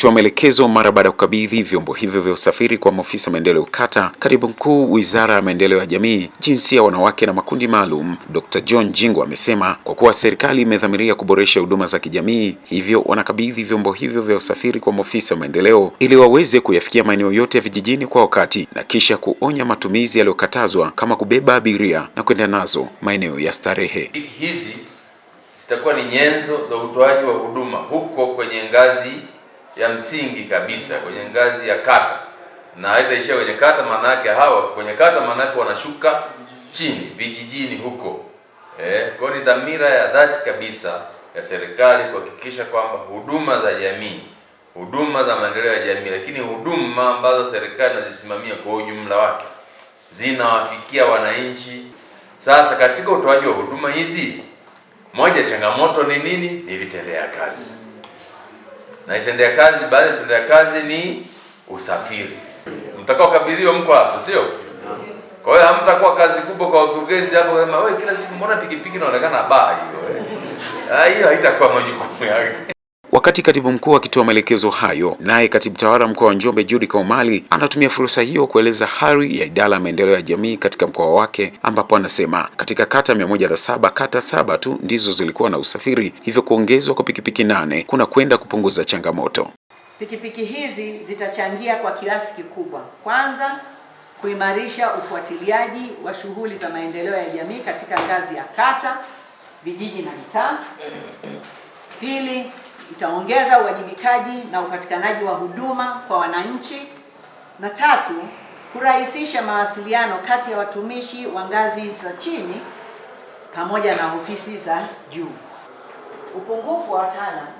akitoa maelekezo mara baada ya kukabidhi vyombo hivyo vya usafiri kwa maofisa maendeleo kata, katibu mkuu wizara ya maendeleo ya jamii, jinsia, wanawake na makundi maalum. Dr. John Jingo amesema kwa kuwa serikali imedhamiria kuboresha huduma za kijamii, hivyo wanakabidhi vyombo hivyo vya usafiri kwa maofisa maendeleo ili waweze kuyafikia maeneo yote ya vijijini kwa wakati na kisha kuonya matumizi yaliyokatazwa kama kubeba abiria na kwenda nazo maeneo ya starehe. Hizi zitakuwa ni nyenzo za utoaji wa huduma huko kwenye ngazi ya msingi kabisa kwenye ngazi ya kata, na haitaishia kwenye kata, maana yake hawa kwenye kata, maana yake wanashuka chini vijijini huko. Eh, kwa ni dhamira ya dhati kabisa ya serikali kuhakikisha kwamba huduma za jamii, huduma za maendeleo ya jamii, lakini huduma ambazo serikali inazisimamia kwa ujumla wake zinawafikia wananchi. Sasa katika utoaji wa huduma hizi, moja changamoto ni nini? Ni vitendea kazi na itendea kazi, Baada ya kazi ni usafiri. kabidhiwa mko hapo, sio? Kwa hiyo hamtakuwa kazi kubwa kwa wakurugenzi hapo kama wewe, kila siku mbona pikipiki inaonekana baa hiyo eh? Ah, hiyo haitakuwa majukumu yake. Wakati katibu mkuu akitoa maelekezo hayo, naye katibu tawala mkoa wa Njombe Judy Kaumali anatumia fursa hiyo kueleza hali ya idara ya maendeleo ya jamii katika mkoa wake, ambapo anasema katika kata mia moja na saba kata saba tu ndizo zilikuwa na usafiri, hivyo kuongezwa kwa pikipiki nane kuna kwenda kupunguza changamoto. Pikipiki hizi zitachangia kwa kiasi kikubwa, kwanza kuimarisha ufuatiliaji wa shughuli za maendeleo ya jamii katika ngazi ya kata, vijiji na mitaa. Pili, itaongeza uwajibikaji na upatikanaji wa huduma kwa wananchi, na tatu, kurahisisha mawasiliano kati ya watumishi wa ngazi za chini pamoja na ofisi za juu. Upungufu wa wataalamu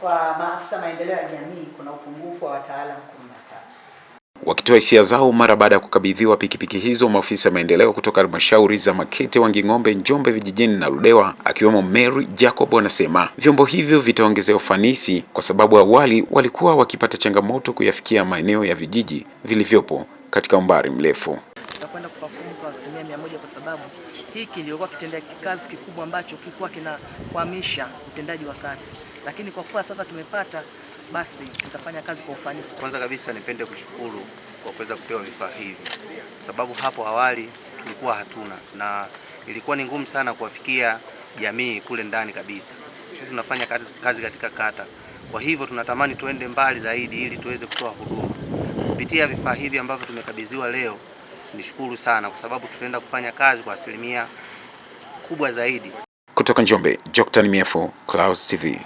kwa maafisa maendeleo ya jamii, kuna upungufu wa wataalamu wakitoa hisia zao mara baada ya kukabidhiwa pikipiki hizo maafisa maendeleo kutoka halmashauri za Makete, Wanging'ombe, Njombe vijijini na Ludewa, akiwemo Mary Jacob, anasema vyombo hivyo vitaongezea ufanisi kwa sababu awali walikuwa wakipata changamoto kuyafikia maeneo ya vijiji vilivyopo katika umbali mrefu. Tutakwenda kupafumu kwa asilimia mia moja kwa sababu hiki kitendea kazi kikubwa ambacho kilikuwa kinakwamisha utendaji wa kazi, lakini kwa kuwa sasa tumepata basi tutafanya kazi kwa ufanisi. Kwanza kabisa nipende kushukuru kwa kuweza kupewa vifaa hivi, sababu hapo awali tulikuwa hatuna na ilikuwa ni ngumu sana kuwafikia jamii kule ndani kabisa. Sisi tunafanya kazi, kazi katika kata, kwa hivyo tunatamani tuende mbali zaidi ili tuweze kutoa huduma kupitia vifaa hivi ambavyo tumekabidhiwa leo. Nishukuru sana kwa sababu tutaenda kufanya kazi kwa asilimia kubwa zaidi. Kutoka Njombe, Joctan Miefo, Clouds TV.